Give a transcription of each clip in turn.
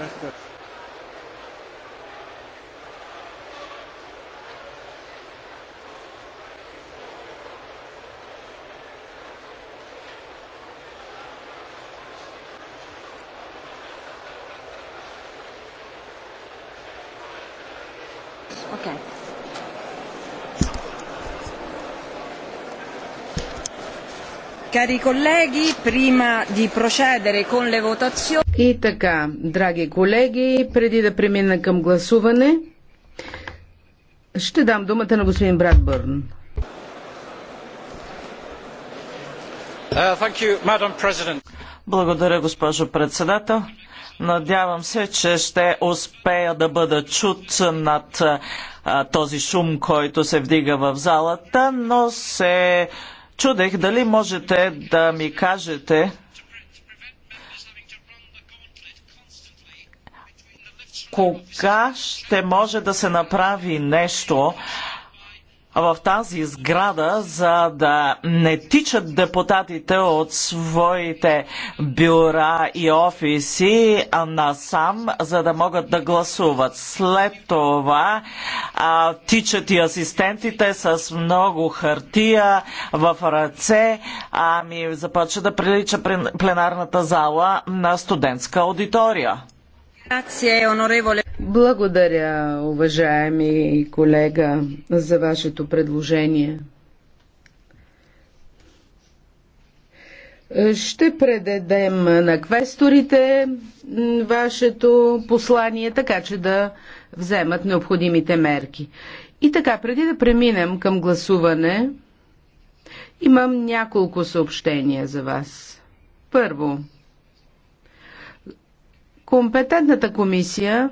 бяха Cari colleghi, prima di procedere con le votazioni. И така, драги колеги, преди да премина към гласуване, ще дам думата на господин Брадбърн. Uh, Благодаря, госпожо председател. Надявам се, че ще успея да бъда чут над а, този шум, който се вдига в залата, но се чудех дали можете да ми кажете кога ще може да се направи нещо в тази сграда, за да не тичат депутатите от своите бюра и офиси насам, за да могат да гласуват. След това а, тичат и асистентите с много хартия в ръце. Ами започва да прилича пленарната зала на студентска аудитория. Благодаря, уважаеми колега, за вашето предложение. Ще предадем на квесторите вашето послание, така че да вземат необходимите мерки. И така, преди да преминем към гласуване, имам няколко съобщения за вас. Първо, Компетентната комисия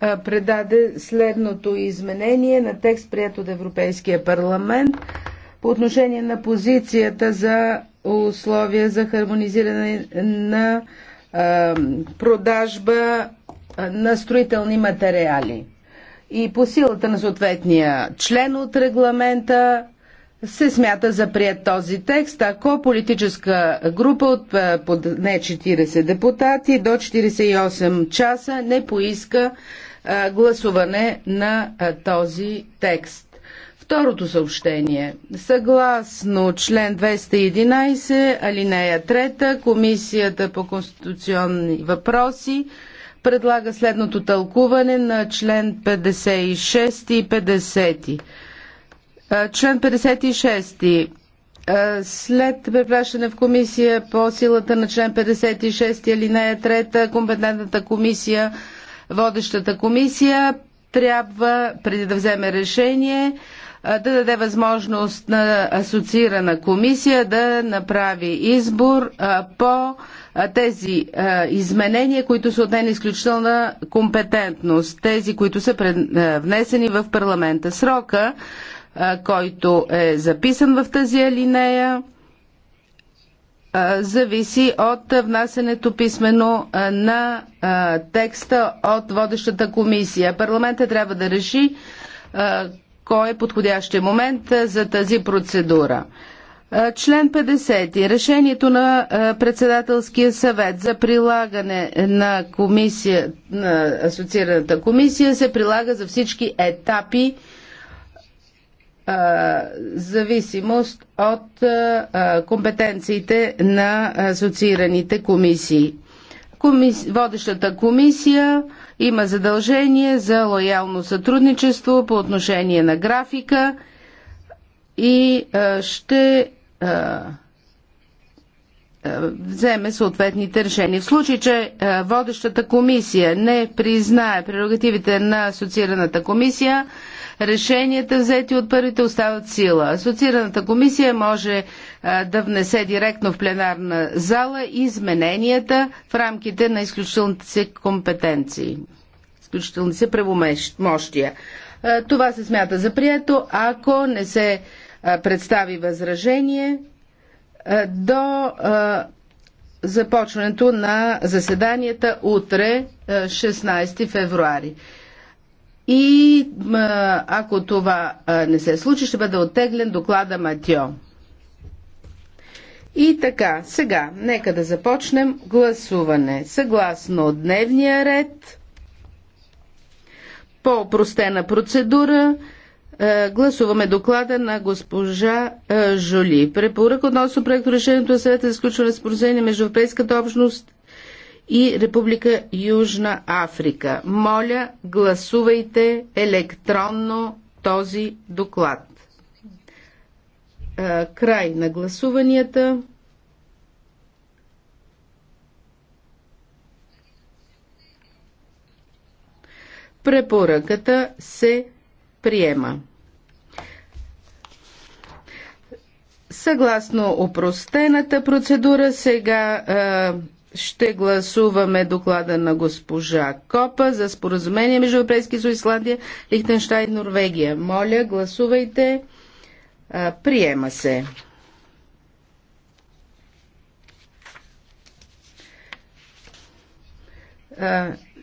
предаде следното изменение на текст, прият от Европейския парламент по отношение на позицията за условия за хармонизиране на продажба на строителни материали. И по силата на съответния член от регламента се смята за прият този текст, ако политическа група от е, не 40 депутати до 48 часа не поиска е, гласуване на е, този текст. Второто съобщение. Съгласно член 211, алинея 3, Комисията по конституционни въпроси предлага следното тълкуване на член 56 и 50. Е, член 56. Е, след препращане в комисия по силата на член 56 алинея 3, компетентната комисия, водещата комисия, трябва, преди да вземе решение, е, да даде възможност на асоциирана комисия да направи избор по тези изменения, които са отнени изключителна компетентност, тези, които са внесени в парламента. Срока който е записан в тази алинея, зависи от внасенето писмено на текста от водещата комисия. Парламента трябва да реши кой е подходящия момент за тази процедура. Член 50. Решението на председателския съвет за прилагане на, комисия, на асоциираната комисия се прилага за всички етапи зависимост от компетенциите на асоциираните комисии. Комис... Водещата комисия има задължение за лоялно сътрудничество по отношение на графика и ще вземе съответните решения. В случай, че водещата комисия не признае прерогативите на асоциираната комисия, решенията взети от първите остават сила. Асоциираната комисия може да внесе директно в пленарна зала измененията в рамките на изключителните си компетенции, изключителните си правомощия. Това се смята за прието, ако не се представи възражение до започването на заседанията утре, 16 февруари. И ако това не се случи, ще бъде оттеглен доклада Матьо. И така, сега, нека да започнем гласуване. Съгласно дневния ред, по простена процедура, гласуваме доклада на госпожа Жоли. Препорък относно проекто решението на съвета за изключване споразумение между Европейската общност и Република Южна Африка. Моля, гласувайте електронно този доклад. Край на гласуванията. Препоръката се приема. Съгласно опростената процедура, сега ще гласуваме доклада на госпожа Копа за споразумение между Европейския съюз, Исландия, Лихтенштайн, Норвегия. Моля, гласувайте. Приема се.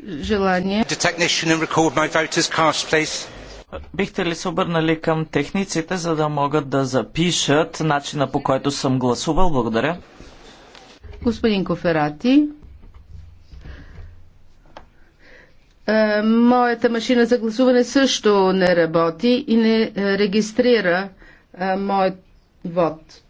Желание. Бихте ли се обърнали към техниците, за да могат да запишат начина по който съм гласувал? Благодаря. Господин Коферати, е, моята машина за гласуване също не работи и не регистрира е, моят вод.